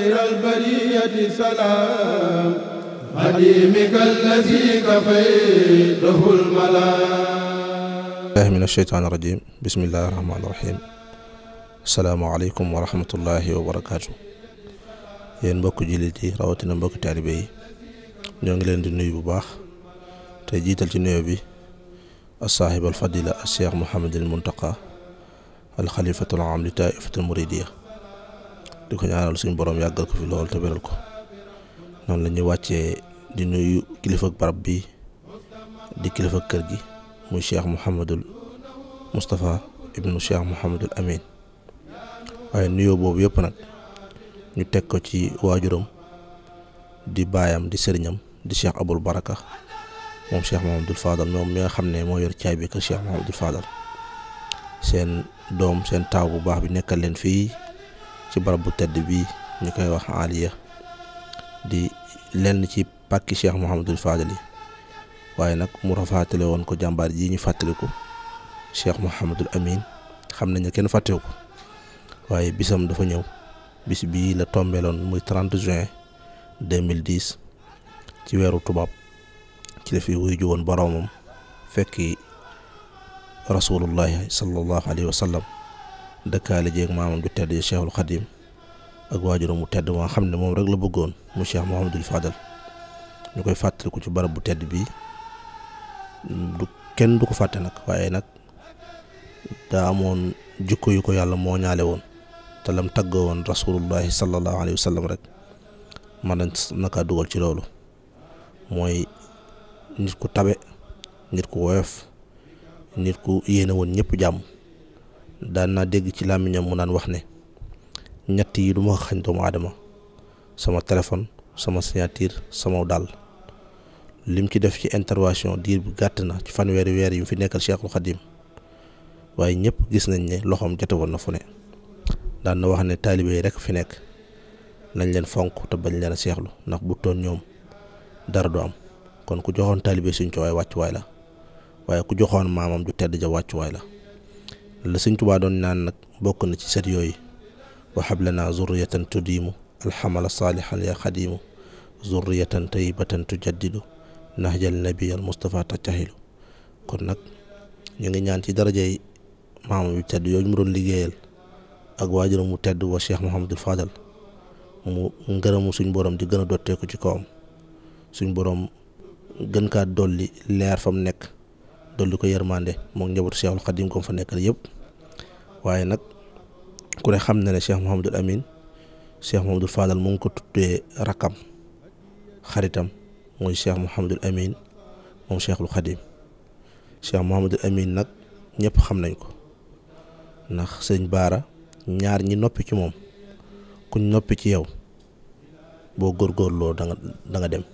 خير البرية سلام خديمك الذي كفيته الملام من الشيطان الرجيم بسم الله الرحمن الرحيم السلام عليكم ورحمة الله وبركاته yéen mbokk jullit yi rawatina mbokk taalibe yi ñoo ngi leen di nuyu bu baax te jiital ci nuyu bi as-saaxib al fadila as cheikh Mouhamadul Muntaqa al xalifatul aam li taaifatul muridiya di ko ñaanal suñu borom yàggal ko fi loolu te wéral ko noonu lañuy ñuy wàccee di nuyu kilifa barab bi di kilifa kër gi muy cheikh Mouhamadul Moustapha ibnu cheikh Mouhamadul Amin waaye nuyoo boobu yépp nag ñu teg ko ci waajuram di baayam di sëriñam di cheikh Abul Baraka moom cheikh Mouhamadul Fadal moom mi nga xam ne moo yor caay bi kër cheikh Mouhamadul Fadal seen doom seen taaw bu baax bi nekkal leen fii. ci barab bu tedd bi ñu koy wax Aliya di lenn ci pàkki Cheikh Mouhamadul Fadali waaye nag mu rafaatale woon ko jàmbaar yi ñu fàttaliku Cheikh Mouhamadul Amin xam nañ ne kenn fàttewu ko waaye bisam dafa ñëw bis bii la tombeeloon muy 30 juin 2010 ci weeru tubaab ci la fi wuy ju woon boroomam fekki rasulullahi sallallahu alayhi wa dëkkaale jéeg maamam ju tedd ji cheikhul xadim ak waajuram mu tedd maa xam ne moom rek la bëggoon mu cheikh Mouhamadul Fadal ñu koy fàttaliku ci barab bu tedd bii kenn du ko fàtte nag waaye nag daa amoon jikko ko yàlla moo ñaale woon te lam tàggoo woon rasulullahi sallallahu alayhi wa sallam rek man nañ naka dugal ci loolu mooy nit ku tabe nit ku woyof nit ku yéene woon ñëpp jàmm daan naa dégg ci làmmiñam mu naan wax ne ñett yi du ma xañ doomu aadama sama téléphone sama signature sama dàll lim ci def ci intervention diir bu gàtt na ci fanweeri weer yu fi nekkal Cheikhul Khadim waaye ñëpp gis nañ ne loxoom jote woon na fu ne daan na wax ne taalibe yi rek fi nekk nañ leen fonk te bañ leen a seexlu ndax bu toon ñoom dara du am kon ku joxoon taalibe suñ ci waay wàccuwaay la waaye ku joxoon maamam ju tedd ja wàccuwaay la. la sëñ tubaa doon naan nag bokk na ci set yooyu waxab lana zurriyatan tudiimu alxamala saalihan ya xadiimu zurriyatan tayyibatan tujaddidu nahjal nabi al mustafa taccaxilu kon nag ñu ngi ñaan ci darajey maam yu tedd yooyu mu doon liggéeyal ak waajuram mu tedd wa cheikh Mouhamadul Fadal mu ngërëmu suñ borom di gën a dotteeku ci kawam suñ borom gën kaa dolli leer fa mu nekk dolli ko yërmande moom njabootu Cheikhul Khadim ko fa nekkal yëpp waaye nag ku ne xam na ne Cheikh Mouhamadul Amin Cheikh Mouhamadul Fadal mu ngi ko tuddee rakam xaritam muy Cheikh Mouhamadul Amin moom Cheikhul Khadim Cheikh Mouhamadul nag ñëpp xam nañ ko ndax sëñ Baara ñaar ñi noppi ci moom kuñ noppi ci yow boo góorgóorloo góorloo nga da nga dem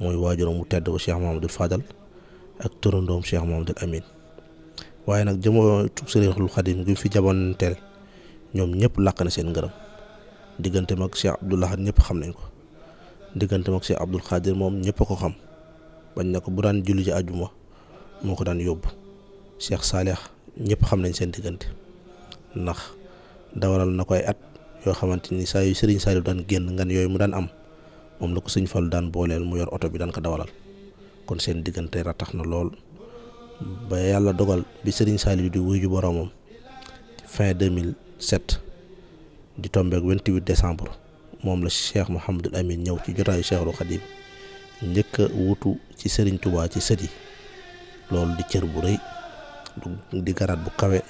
mooy waajuram mu tedd ko Cheikh Mouhamadul Fadal. ak turandoom Cheikh Mouhamadoul Amine waaye nag jëmootu Sëriñ Xadim gi fi jamonteel ñoom ñëpp làq na seen ngërëm diggante mag Cheikh Abdoul Ahad ñëpp xam nañ ko diggante mag Cheikh Abdoul Khadir moom ñëpp a ko xam bañ na ko bu daan julli ji àjjuma moo ko daan yóbbu Cheikh Saalih ñëpp xam nañ seen diggante ndax dawaral na ko at yoo xamante ni saa yu Sëriñ Saliou daan génn ngan yooyu mu daan am moom la ko Sëñ Fallu daan booleel mu yor oto bi daan ko dawalal. kon seen diggante ratax na lool ba yàlla dogal bi Serigne Saliou di wuyu boromam fin 2007 di tombeek 28 décembre moom la Cheikh Mouhamadul Amin ñëw ci jotaayu Cheikhul Khadim njëkk a wutu ci Serigne Touba ci sët yi loolu di cër bu rëy di garaat bu kawe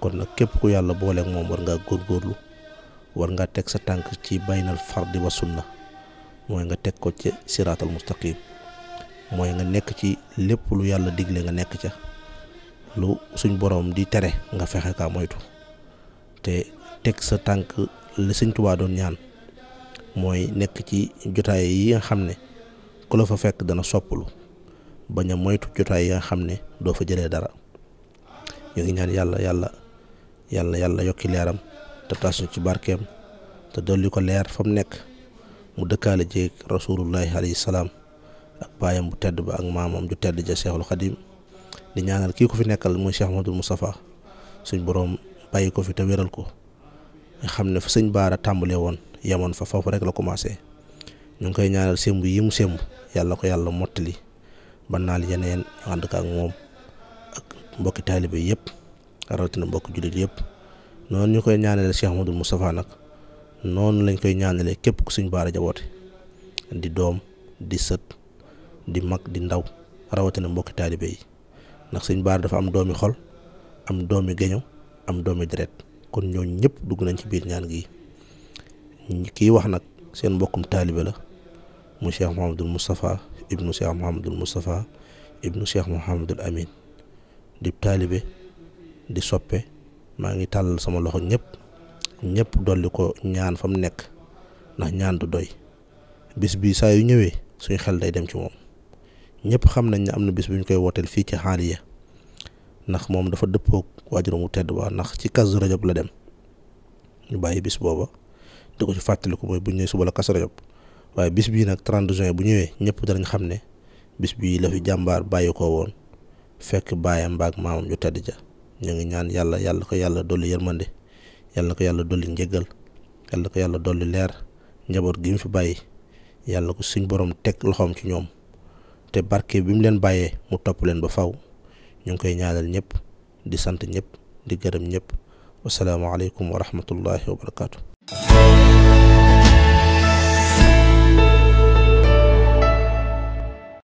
kon nag képp ku yàlla booleek moom war ngaa góorlu war ngaa teg sa tànk ci baynal fardi wa sunna mooy nga teg ko ci siraatal mustaqim mooy nga nekk ci lépp lu yàlla digle nga nekk ca lu suñ boroom di tere nga fexe kaa moytu te teg sa tànk li sëñ Tuubaa doon ñaan mooy nekk ci jotaay yi nga xam ne ku la fa fekk dana soppalu bañ a moytu jotaay yi nga xam ne doo fa jëlee dara ñu ngi ñaan yàlla yàlla yàlla yàlla yokki leeram te tas ci barkeem te dolli ko leer fa mu nekk mu dëkkaale jéeg rasulullahi alayhi salaam ak baayam bu tedd ba ak maamam ju tedd ja Cheikhul Khadim di ñaanal kii ko fi nekkal muy Cheikh Mahamadul Moustapha suñ boroom bàyyi ko fi te ko xam ne fa sëñ Baara tàmbalee woon yemoon fa foofu rek la commencé ñu ngi koy ñaanal sémb yi mu sémb yàlla ko yàlla mottali ba naal yeneen ñu ànd ak moom ak mbokki taalibe yëpp rawatina mbokki jullit yëpp noonu ñu koy ñaanale Cheikh Mahamadul Moustapha nag noonu lañ koy ñaanale képp ku suñ Baara jaboote di doom di sët. di mag di ndaw rawatina mbokki taalibe yi ndax sëñ Bara dafa am doomi xol am doomi géño am doomi deret kon ñooñ ñëpp dugg nañ ci biir ñaan gi kiy wax nag seen mbokkum taalibe la mu Cheikh Mouhamadul Moustapha ibnu Cheikh Mouhamadul Moustapha ibnu Cheikh Mouhamadul Amin di taalibe di soppe maa ngi tàllal sama loxo ñëpp ñëpp dolli ko ñaan fa mu nekk ndax ñaan du doy bis bi saa yu ñëwee suñ xel day dem ci moom ñëpp xam nañ ne am na bis bu ñu koy wooteel fii ci xaaliya ndax moom dafa dëppook waajur mu tedd ba ndax ci kazu rajab la dem ñu bàyyi bis booba di ko ci fàttaliku mooy bu ñu nee suba la kazu rajab waaye bis bii nag 30 juin bu ñëwee ñëpp danañ xam ne bis bii la fi jàmbaar bàyyi koo woon fekk baayam mbaag maamam ju tedd ja ñoo ngi ñaan yàlla yàlla ko yàlla dolli yërmande yàlla ko yàlla dolli njëggal yàlla ko yàlla dolli leer njaboot gi mu fi bàyyi yàlla ko suñ borom teg loxoom ci ñoom. te barke bi mu leen bàyyee mu topp leen ba faw ñu ngi koy ñaanal ñëpp di sant ñëpp di gërëm ñëpp wasalaamaaleykum wa rahmatullahi wa barakaatu.